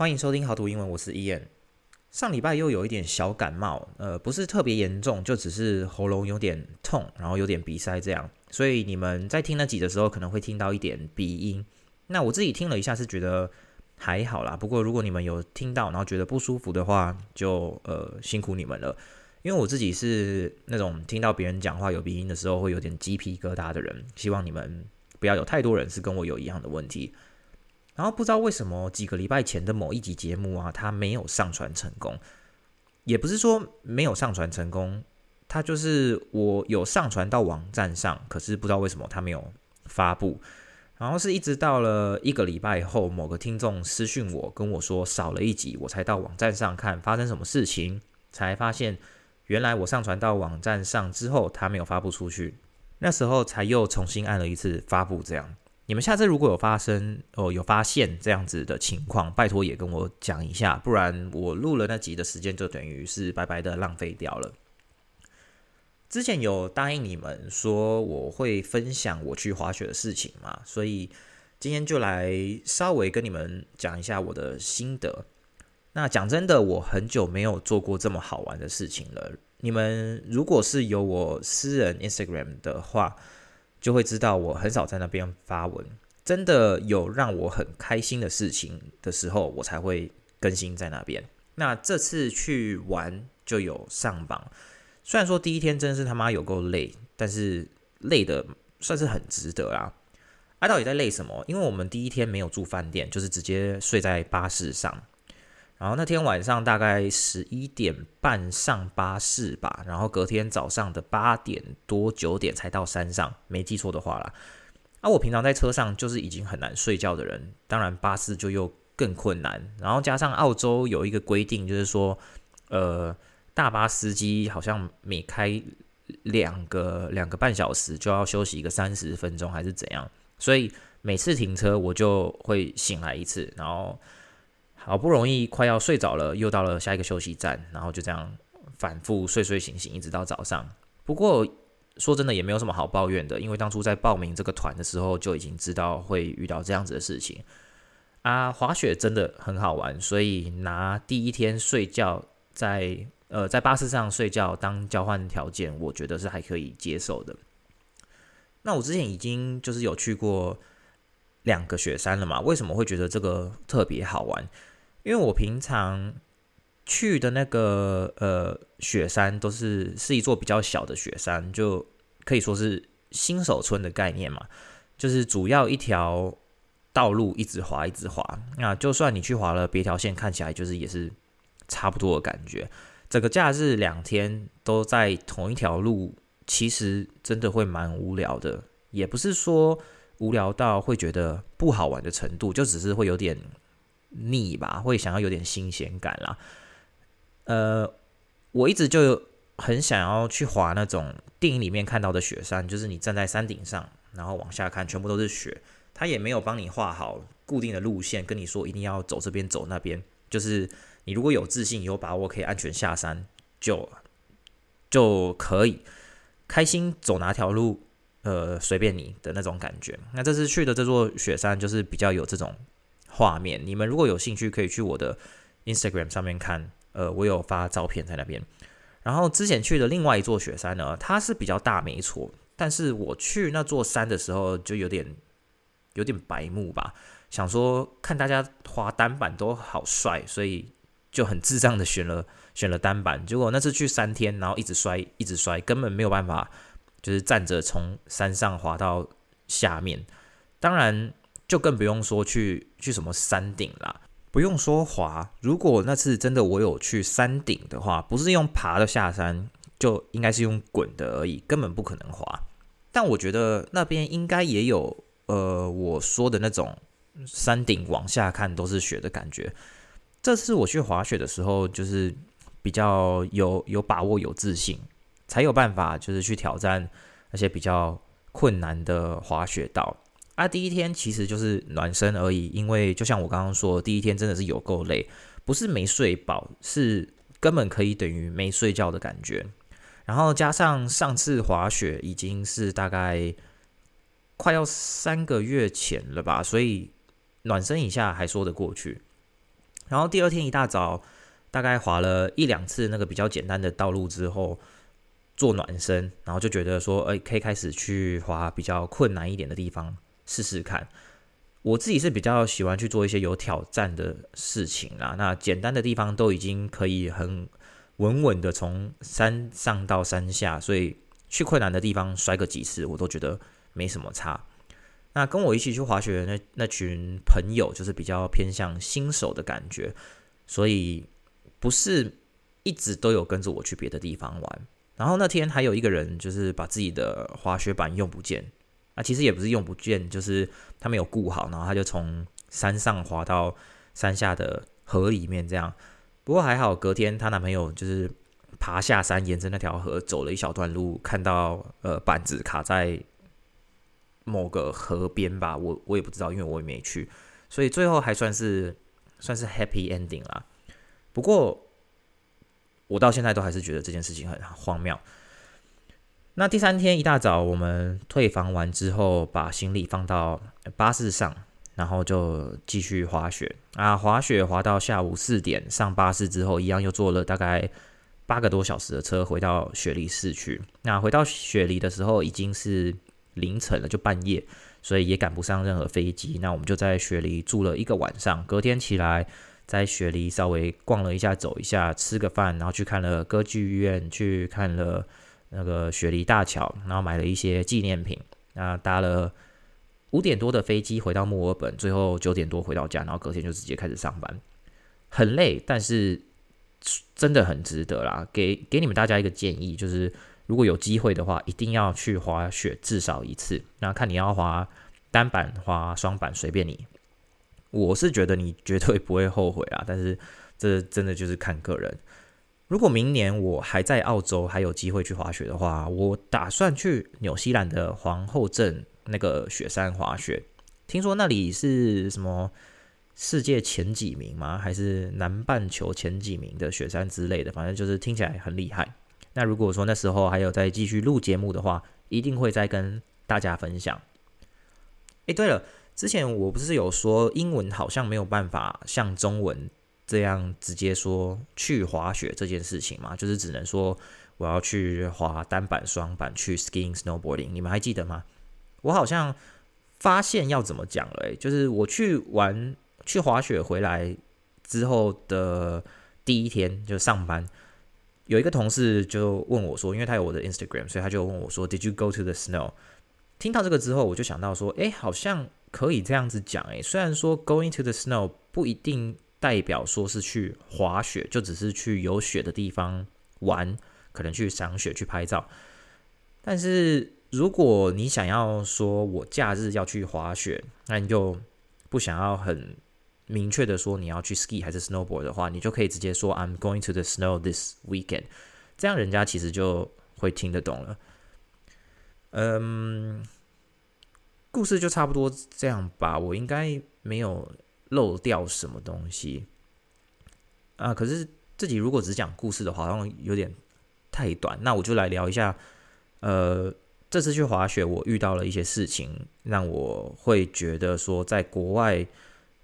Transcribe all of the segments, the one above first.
歡迎收聽豪讀英文，我是 Ian。上禮拜又有一點小感冒，呃，不是特別嚴重，就只是喉嚨有點痛，然後有點鼻塞這樣。所以你們在聽那集的時候，可能會聽到一點鼻音。那我自己聽了一下，是覺得還好啦。不過如果你們有聽到，然後覺得不舒服的話，就呃辛苦你們了。因為我自己是那種聽到別人講話有鼻音的時候，會有點雞皮疙瘩的人。希望你們不要有太多人是跟我有一樣的問題。然後不知道為什麼，幾個禮拜前的某一集節目啊，它沒有上傳成功。也不是說沒有上傳成功，它就是我有上傳到網站上，可是不知道為什麼它沒有發布。然後是一直到了一個禮拜後，某個聽眾私訊我跟我說少了一集，我才到網站上看發生什麼事情，才發現原來我上傳到網站上之後，它沒有發布出去。那時候才又重新按了一次發布，這樣。你們下次如果有發生，哦，有發現這樣子的情況，拜託也跟我講一下，不然我錄了那集的時間就等於是白白的浪費掉了。之前有答應你們說我會分享我去滑雪的事情嘛，所以今天就來稍微跟你們講一下我的心得。那講真的，我很久沒有做過這麼好玩的事情了。你們如果是有我私人 Instagram 的話。就會知道我很少在那邊發文，真的有讓我很開心的事情的時候，我才會更新在那邊。那這次去玩就有上榜，雖然說第一天真是他媽有夠累，但是累的算是很值得啊。哎，啊，到底在累什麼？因為我們第一天沒有住飯店，就是直接睡在巴士上。然後那天晚上大概十一點半上巴士吧，然後隔天早上的八點多九點才到山上，沒記錯的話啦。啊，我平常在車上就是已經很難睡覺的人，當然巴士就又更困難。然後加上澳洲有一個規定，就是說，呃，大巴司機好像每開兩個兩個半小時就要休息一個三十分鐘還是怎樣，所以每次停車我就會醒來一次，然後，好不容易快要睡着了，又到了下一個休息站，然後就這樣反覆睡睡醒醒，一直到早上。不過說真的也沒有什麼好抱怨的，因為當初在報名這個團的時候就已經知道會遇到這樣子的事情啊。滑雪真的很好玩，所以拿第一天睡覺在呃在巴士上睡覺當交換條件，我覺得是還可以接受的。那我之前已經就是有去過兩個雪山了嘛，為什麼會覺得這個特別好玩？因為我平常去的那個呃雪山，都是是一座比較小的雪山，就可以說是新手村的概念嘛。就是主要一條道路，一直滑一直滑，那就算你去滑了別條線，看起來就是也是差不多的感覺。整個假日兩天都在同一條路，其實真的會蠻無聊的。也不是說無聊到會覺得不好玩的程度，就只是會有點。膩吧，會想要有點新鮮感啦。呃，我一直就很想要去滑那種電影裡面看到的雪山，就是你站在山頂上，然後往下看，全部都是雪。它也沒有幫你畫好固定的路線，跟你說一定要走這邊走那邊。就是你如果有自信有把握可以安全下山，就就可以開心走哪條路，呃，隨便你的那種感覺。那這次去的這座雪山就是比較有這種。畫面，你們如果有興趣，可以去我的 Instagram 上面看，呃，我有發照片在那邊。然後之前去的另外一座雪山呢，它是比較大，沒錯，但是我去那座山的時候就有點有點白目吧，想說看大家滑單板都好帥，所以就很智障的選了選了單板。結果那次去三天，然後一直摔，一直摔，根本沒有辦法，就是站着從山上滑到下面。當然。就更不用說去去什麼山頂啦。不用說滑。如果那次真的我有去山頂的話，不是用爬的下山，就應該是用滾的而已，根本不可能滑。但我覺得那邊應該也有呃，我說的那種山頂往下看都是雪的感覺。這次我去滑雪的時候，就是比較有有把握、有自信，才有辦法就是去挑戰那些比較困難的滑雪道。啊，第一天其實就是暖身而已，因為就像我剛剛說，第一天真的是有夠累，不是沒睡飽，是根本可以等於沒睡覺的感覺。然後加上上次滑雪已經是大概快要三個月前了吧，所以暖身一下還說得過去。然後第二天一大早，大概滑了一兩次那個比較簡單的道路之後，做暖身，然後就覺得說，欸，可以開始去滑比較困難一點的地方。試試看，我自己是比較喜歡去做一些有挑戰的事情啦。那簡單的地方都已經可以很穩穩的從山上到山下，所以去困難的地方摔個幾次，我都覺得沒什麼差。那跟我一起去滑雪的那，那群朋友，就是比較偏向新手的感覺，所以不是一直都有跟着我去別的地方玩。然後那天還有一個人，就是把自己的滑雪板用不見。啊、其實也不是用不見，就是他沒有顧好，然後他就從山上滑到山下的河裡面這樣。不過還好，隔天她男朋友就是爬下山，沿着那條河走了一小段路，看到呃板子卡在某個河邊吧，我我也不知道，因為我也沒去，所以最後還算是算是 happy ending 啦。不過我到現在都還是覺得這件事情很荒謬。那第三天一大早，我們退房完之後，把行李放到巴士上，然後就繼續滑雪啊。滑雪滑到下午四點，上巴士之後，一樣又坐了大概八個多小時的車，回到雪梨市區。那回到雪梨的時候已經是凌晨了，就半夜，所以也趕不上任何飛機。那我們就在雪梨住了一個晚上，隔天起來在雪梨稍微逛了一下，走一下，吃個飯，然後去看了歌劇院，去看了。那個雪梨大橋，然後買了一些紀念品，那搭了五點多的飛機回到墨爾本，最後九點多回到家，然後隔天就直接開始上班，很累，但是真的很值得啦。給給你們大家一個建議，就是如果有機會的話，一定要去滑雪至少一次。那看你要滑單板，滑雙板，隨便你。我是覺得你絕對不會後悔啊，但是這真的就是看個人。如果明年我還在澳洲，還有機會去滑雪的話，我打算去紐西蘭的皇後鎮那個雪山滑雪。聽說那裡是什麼世界前幾名嗎？還是南半球前幾名的雪山之類的？反正就是聽起來很厲害。那如果說那時候還有再繼續錄節目的話，一定會再跟大家分享。誒，對了，之前我不是有說英文好像沒有辦法像中文？這樣直接說去滑雪這件事情嘛，就是只能說我要去滑單板、雙板、去 skiing、snowboarding。你們還記得嗎？我好像發現要怎麼講了誒，就是我去玩去滑雪回來之後的第一天就上班，有一個同事就問我說，因為他有我的 Instagram，所以他就問我說，Did you go to the snow？聽到這個之後，我就想到說，誒，好像可以這樣子講誒，雖然說 going to the snow 不一定。代表說是去滑雪，就只是去有雪的地方玩，可能去賞雪、去拍照。但是如果你想要說，我假日要去滑雪，那你就不想要很明確的說你要去 ski 還是 snowboard 的話，你就可以直接說 I'm going to the snow this weekend。這樣人家其實就會聽得懂了。嗯，故事就差不多這樣吧，我應該沒有。漏掉什麼東西啊？可是自己如果只講故事的話，好像有點太短。那我就來聊一下，呃，這次去滑雪，我遇到了一些事情，讓我會覺得說，在國外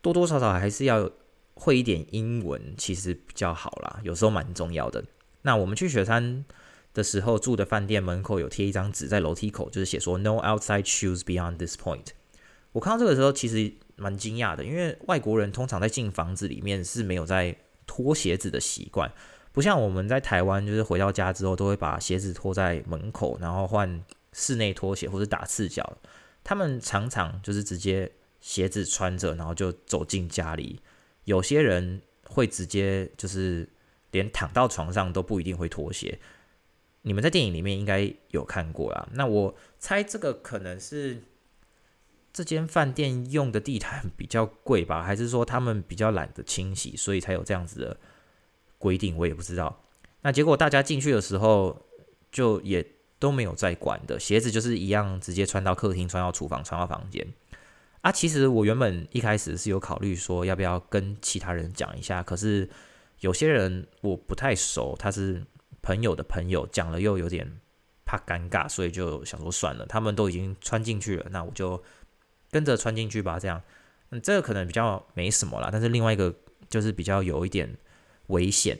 多多少少還是要會一點英文，其實比較好啦，有時候蠻重要的。那我們去雪山的時候，住的飯店門口有貼一張紙，在樓梯口就是寫說 “No outside shoes beyond this point”。我看到這個時候，其實，蠻驚訝的，因為外國人通常在進房子裡面是沒有在脫鞋子的習慣，不像我們在台灣，就是回到家之後都會把鞋子脫在門口，然後換室內拖鞋或者打赤腳。他們常常就是直接鞋子穿着，然後就走進家裡。有些人會直接就是連躺到床上都不一定會脫鞋。你們在電影裡面應該有看過啊？那我猜這個可能是。這間飯店用的地毯比較貴吧，還是說他們比較懶得清洗，所以才有這樣子的規定？我也不知道。那結果大家進去的時候，就也都沒有再管的，鞋子就是一樣，直接穿到客廳、穿到廚房、穿到房間。啊，其實我原本一開始是有考慮說要不要跟其他人講一下，可是有些人我不太熟，他是朋友的朋友，講了又有點怕尷尬，所以就想說算了，他們都已經穿進去了，那我就。跟着穿進去吧，這樣，嗯，這個可能比較沒什麼啦。但是另外一個就是比較有一點危險。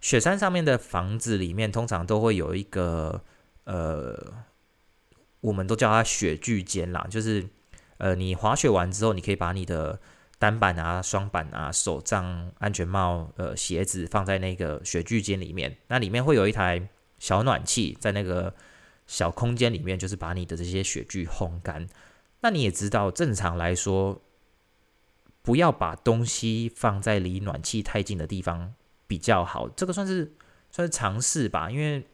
雪山上面的房子裡面通常都會有一個，呃、我們都叫它雪具間啦，就是，呃、你滑雪完之後，你可以把你的單板啊、雙板啊、手杖、安全帽、呃、鞋子放在那個雪具間裡面，那裡面會有一台小暖氣，在那個小空間裡面，就是把你的這些雪具烘乾。那你也知道，正常來說，不要把東西放在離暖氣太近的地方比較好。這個算是算是常識吧，因為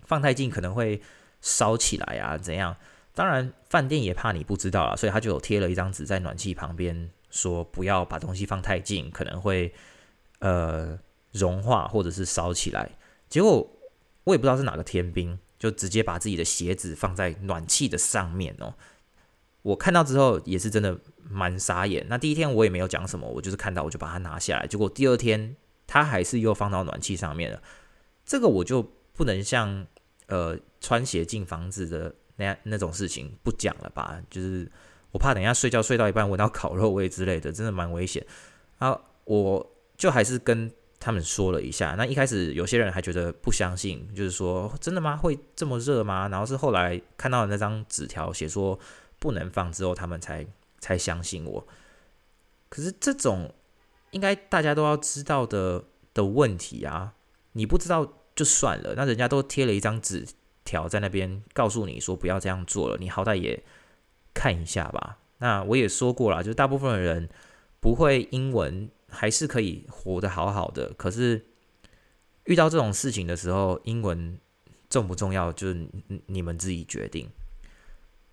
放太近可能會燒起來啊，怎樣？當然，飯店也怕你不知道啊。所以他就有貼了一張紙在暖氣旁邊，說不要把東西放太近，可能會呃融化或者是燒起來。結果我也不知道是哪個天兵，就直接把自己的鞋子放在暖氣的上面哦。我看到之後也是真的蠻傻眼。那第一天我也沒有講什麼，我就是看到我就把它拿下來。結果第二天它還是又放到暖氣上面了。這個我就不能像呃穿鞋進房子的那樣那種事情不講了吧？就是我怕等一下睡覺睡到一半聞到烤肉味之類的，真的蠻危險。啊，我就還是跟他們說了一下。那一開始有些人還覺得不相信，就是說真的嗎？會這麼熱嗎？然後是後來看到的那張紙條，寫說。不能放之後，他們才才相信我。可是這種應該大家都要知道的的問題啊，你不知道就算了。那人家都貼了一張紙條在那邊，告訴你說不要這樣做了，你好歹也看一下吧。那我也說過啦，就大部分的人不會英文，還是可以活得好好的。可是遇到這種事情的時候，英文重不重要，就是你，你們自己決定。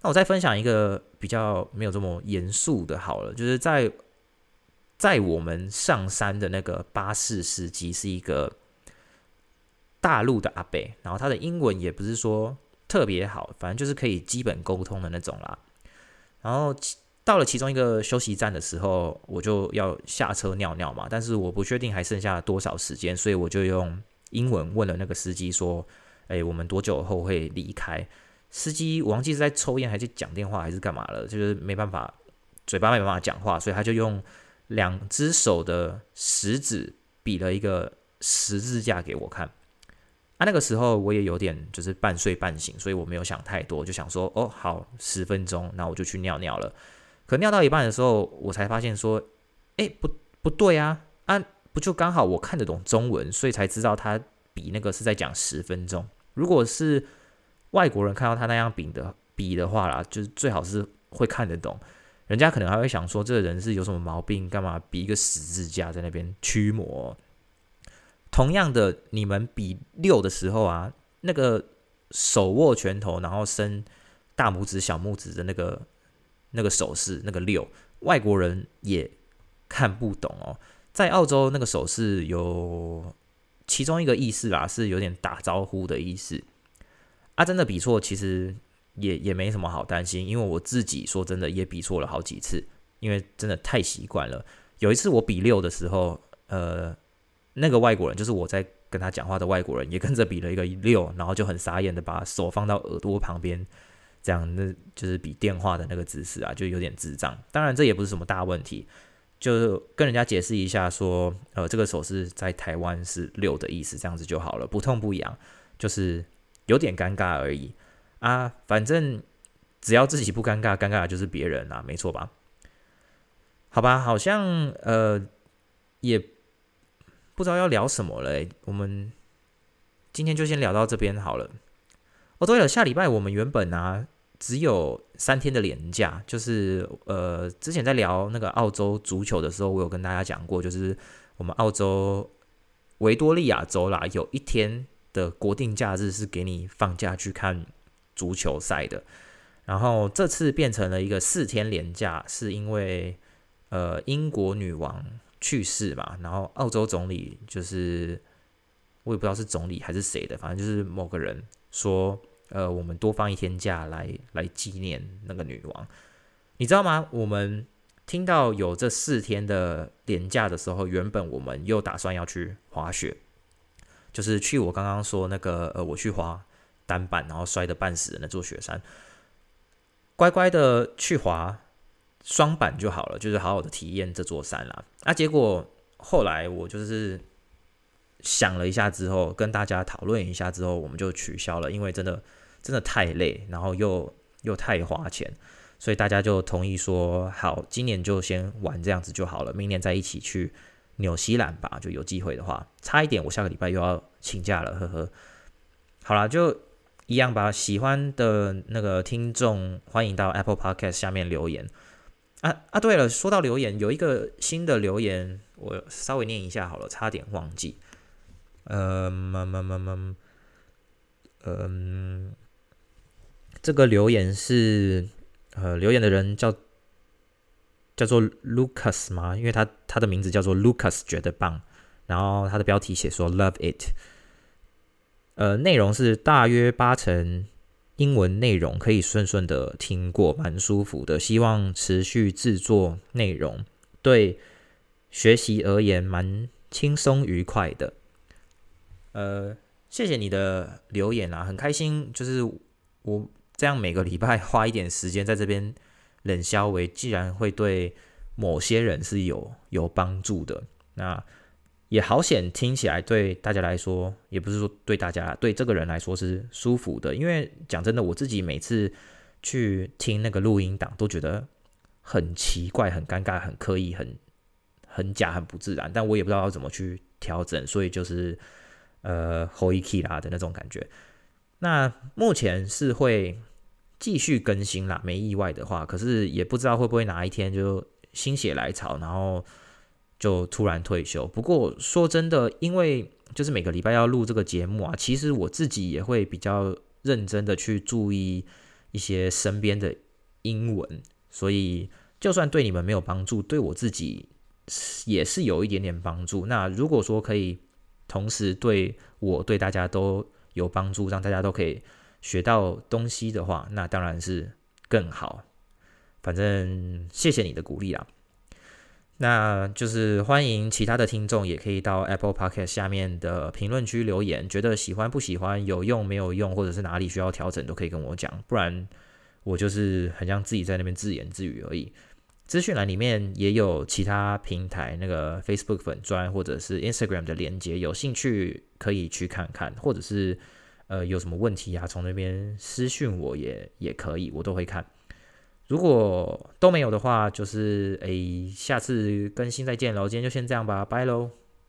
那我再分享一個比較沒有這麼嚴肅的好了，就是在在我們上山的那個巴士司機是一個大陸的阿伯，然後他的英文也不是說特別好，反正就是可以基本溝通的那種啦。然後到了其中一個休息站的時候，我就要下車尿尿嘛，但是我不確定還剩下了多少時間，所以我就用英文問了那個司機說：“哎，我們多久後會離開？”司機，我忘記是在抽煙還是講電話還是幹嘛了，就是沒辦法，嘴巴沒辦法講話，所以他就用兩隻手的食指比了一個十字架給我看。啊，那個時候我也有點就是半睡半醒，所以我沒有想太多，就想說，哦，好，十分鐘，那我就去尿尿了。可尿到一半的時候，我才發現說，誒，不，不對啊，啊，不就剛好我看得懂中文，所以才知道他比那個是在講十分鐘，如果是。外國人看到他那樣比的比的話啦，就是最好是會看得懂。人家可能還會想說，這個人是有什麼毛病，幹嘛比一個十字架在那邊驅魔哦。同樣的，你們比六的時候啊，那個手握拳頭，然後伸大拇指、小拇指的那個那個手勢，那個六，外國人也看不懂哦。在澳洲，那個手勢有其中一個意思啦，是有點打招呼的意思。啊，真的比錯其實也也沒什麼好擔心，因為我自己說真的也比錯了好幾次，因為真的太習慣了。有一次我比六的時候，呃，那個外國人就是我在跟他講話的外國人，也跟着比了一個六，然後就很傻眼的把手放到耳朵旁邊，這樣那就是比電話的那個姿勢啊，就有點智障。當然這也不是什麼大問題，就是跟人家解釋一下說，呃，這個手勢在台灣是六的意思，這樣子就好了，不痛不癢，就是。有點尷尬而已啊，反正只要自己不尷尬，尷尬的就是別人啊，沒錯吧？好吧，好像呃也不知道要聊什麼嘞、欸，我們今天就先聊到這邊好了。哦，對了，下禮拜，我們原本啊只有三天的連假，就是呃之前在聊那個澳洲足球的時候，我有跟大家講過，就是我們澳洲維多利亞州啦，有一天。的國定假日是給你放假去看足球賽的，然後這次變成了一個四天連假，是因為呃英國女王去世嘛，然後澳洲總理就是我也不知道是總理還是誰的，反正就是某個人說，呃我們多放一天假來來紀念那個女王，你知道嗎？我們聽到有這四天的連假的時候，原本我們又打算要去滑雪。就是去我剛剛說那個呃，我去滑單板，然後摔得半死的那座雪山，乖乖的去滑雙板就好了，就是好好的體驗這座山啦。那、啊、結果後來我就是想了一下之後，跟大家討論一下之後，我們就取消了，因為真的真的太累，然後又又太花錢，所以大家就同意說好，今年就先玩這樣子就好了，明年再一起去。紐西蘭吧，就有機會的話，差一點我下個禮拜又要請假了，呵呵。好啦，就一樣吧。喜歡的那個聽眾，歡迎到 Apple Podcast 下面留言。啊啊，對了，說到留言，有一個新的留言，我稍微念一下好了，差點忘記。嗯麼麼麼麼，嗯，這個留言是，呃，留言的人叫。叫做 Lucas 嗎？因為他他的名字叫做 Lucas，覺得棒。然後他的標題寫說 Love It。呃，內容是大約八成英文內容，可以順順的聽過，蠻舒服的。希望持續制作內容，對學習而言蠻輕鬆愉快的。呃，謝謝你的留言啊，很開心，就是我這樣每個禮拜花一點時間在這邊。冷消為既然會對某些人是有有幫助的，那也好險，聽起來對大家來說，也不是說對大家，對這個人來說是舒服的。因為講真的，我自己每次去聽那個錄音檔，都覺得很奇怪、很尷尬、很刻意、很很假、很不自然。但我也不知道要怎麼去調整，所以就是呃 hold 一 key 啦的那種感覺。那目前是會。繼續更新啦，沒意外的話，可是也不知道會不會哪一天就心血來潮，然後就突然退休。不過說真的，因為就是每個禮拜要錄這個節目啊，其實我自己也會比較認真的去注意一些身邊的英文，所以就算對你們沒有幫助，對我自己也是有一點點幫助。那如果說可以同時對我對大家都有幫助，讓大家都可以。學到東西的話，那當然是更好。反正謝謝你的鼓勵啦。那就是歡迎其他的聽眾也可以到 Apple Podcast 下面的評論區留言，覺得喜歡不喜歡、有用沒有用，或者是哪裡需要調整，都可以跟我講。不然我就是很像自己在那邊自言自語而已。資訊欄裡面也有其他平台那個 Facebook 粉專或者是 Instagram 的連接，有興趣可以去看看，或者是。呃，有什麼問題呀、啊？從那邊私訊我也也可以，我都會看。如果都沒有的話，就是誒，下次更新再見嘍。今天就先這樣吧，拜嘍。